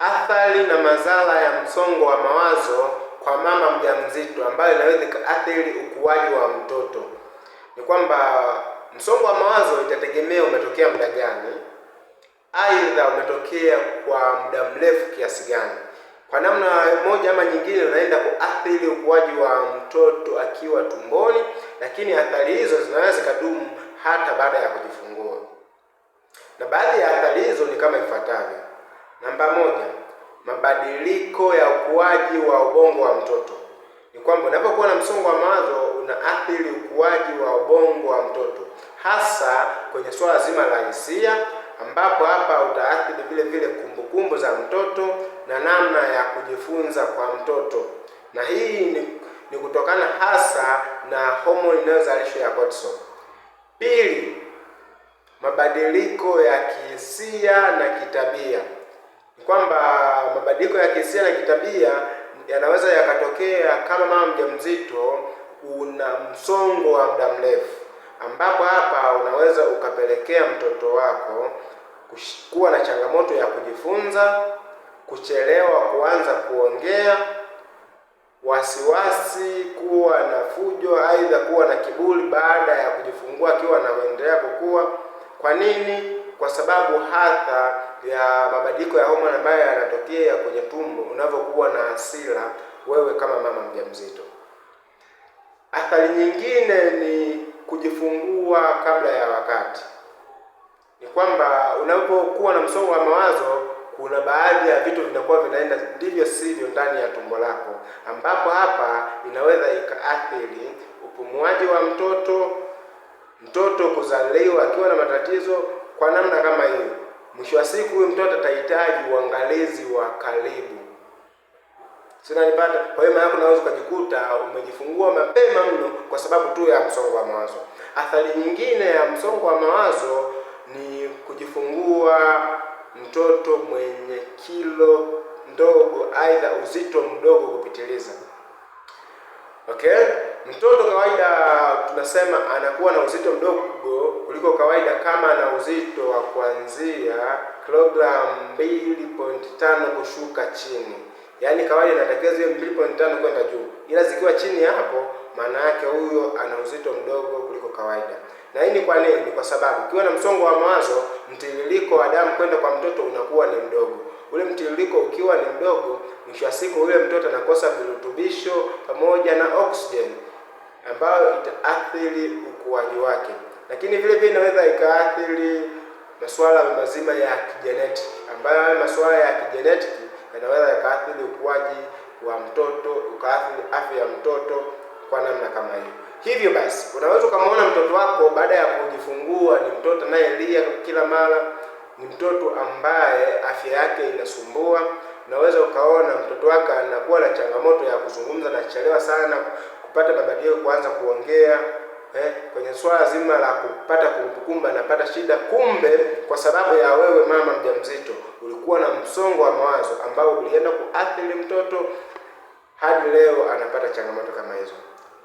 athari na madhara ya msongo wa mawazo kwa mama mjamzito ambayo inaweza ikaathiri ukuaji wa mtoto ni kwamba msongo wa mawazo itategemea umetokea muda gani, aidha umetokea kwa muda mrefu kiasi gani. Kwa namna moja ama nyingine, unaenda kuathiri ukuaji wa mtoto akiwa tumboni, lakini athari hizo zinaweza zikadumu hata baada ya kujifungua, na baadhi ya athari hizo ni kama ifuatavyo. Namba moja, mabadiliko ya ukuaji wa ubongo wa mtoto. Ni kwamba unapokuwa na msongo wa mawazo unaathiri ukuaji wa ubongo wa mtoto, hasa kwenye suala zima la hisia, ambapo hapa utaathiri vile vile kumbukumbu za mtoto na namna ya kujifunza kwa mtoto, na hii ni, ni kutokana hasa na homoni inayozalishwa ya cortisol. Pili, mabadiliko ya kihisia na kitabia kwamba mabadiliko ya kihisia na kitabia yanaweza yakatokea kama mama mjamzito una msongo wa muda mrefu, ambapo hapa unaweza ukapelekea mtoto wako kuwa na changamoto ya kujifunza, kuchelewa kuanza kuongea, wasiwasi, kuwa na fujo, aidha kuwa na kiburi baada ya kujifungua akiwa anaendelea kukua. Kwa nini? Kwa sababu hata ya mabadiliko ya homoni ambayo yanatokea kwenye tumbo unavyokuwa na hasira wewe kama mama mjamzito. Athari nyingine ni kujifungua kabla ya wakati, ni kwamba unapokuwa na msongo wa mawazo, kuna baadhi ya vitu vinakuwa vinaenda ndivyo sivyo ndani ya tumbo lako, ambapo hapa inaweza ikaathiri upumuaji wa mtoto, mtoto kuzaliwa akiwa na matatizo kwa namna kama hiyo. Mwisho wa siku huyo mtoto atahitaji uangalizi wa karibu. unanipata? Kwa hiyo maana yako unaweza ukajikuta umejifungua mapema mno kwa sababu tu ya msongo wa mawazo. Athari nyingine ya msongo wa mawazo ni kujifungua mtoto mwenye kilo ndogo, aidha uzito mdogo kupitiliza. Okay? Mtoto kawaida tunasema anakuwa na uzito mdogo kuliko kawaida kama ana uzito wa kuanzia kilogramu 2.5 kushuka chini, yaani kawaida inatakiwa ziwe 2.5 kwenda juu, ila zikiwa chini hapo, maana yake huyo ana uzito mdogo kuliko kawaida. Na hii ni kwa nini? kwa sababu ukiwa na msongo wa mawazo, mtiririko wa damu kwenda kwa mtoto unakuwa ni mdogo ule mtiririko ukiwa ni mdogo, mwisho wa siku ule mtoto anakosa virutubisho pamoja na oxygen ambayo itaathiri ukuaji wake, lakini vile vile inaweza ikaathiri masuala mazima ya kijenetiki, ambayo haya masuala ya kijenetiki yanaweza yakaathiri ukuaji wa mtoto, ukaathiri afya ya mtoto kwa namna kama hiyo. Hivyo basi, unaweza ukamwona mtoto wako baada ya kujifungua ni mtoto anayelia kila mara mtoto ambaye afya yake inasumbua. Unaweza ukaona mtoto wako anakuwa na changamoto ya kuzungumza, nachelewa sana kupata mabadiliko, kuanza kuongea eh, kwenye swala zima la kupata kumbukumbu anapata shida. Kumbe kwa sababu ya wewe mama mjamzito ulikuwa na msongo wa mawazo ambao ulienda kuathiri mtoto hadi leo anapata changamoto kama hizo.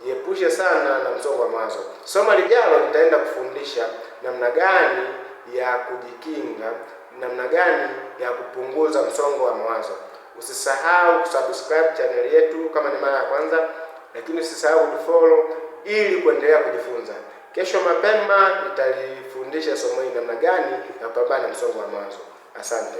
Jiepushe sana na msongo wa mawazo. Somo lijalo nitaenda kufundisha namna gani ya kujikinga, namna gani ya kupunguza msongo wa mawazo. Usisahau kusubscribe channel yetu kama ni mara ya kwanza, lakini usisahau kutufollow ili kuendelea kujifunza. Kesho mapema nitalifundisha somo hili namna gani ya kupambana na msongo wa mawazo. Asante.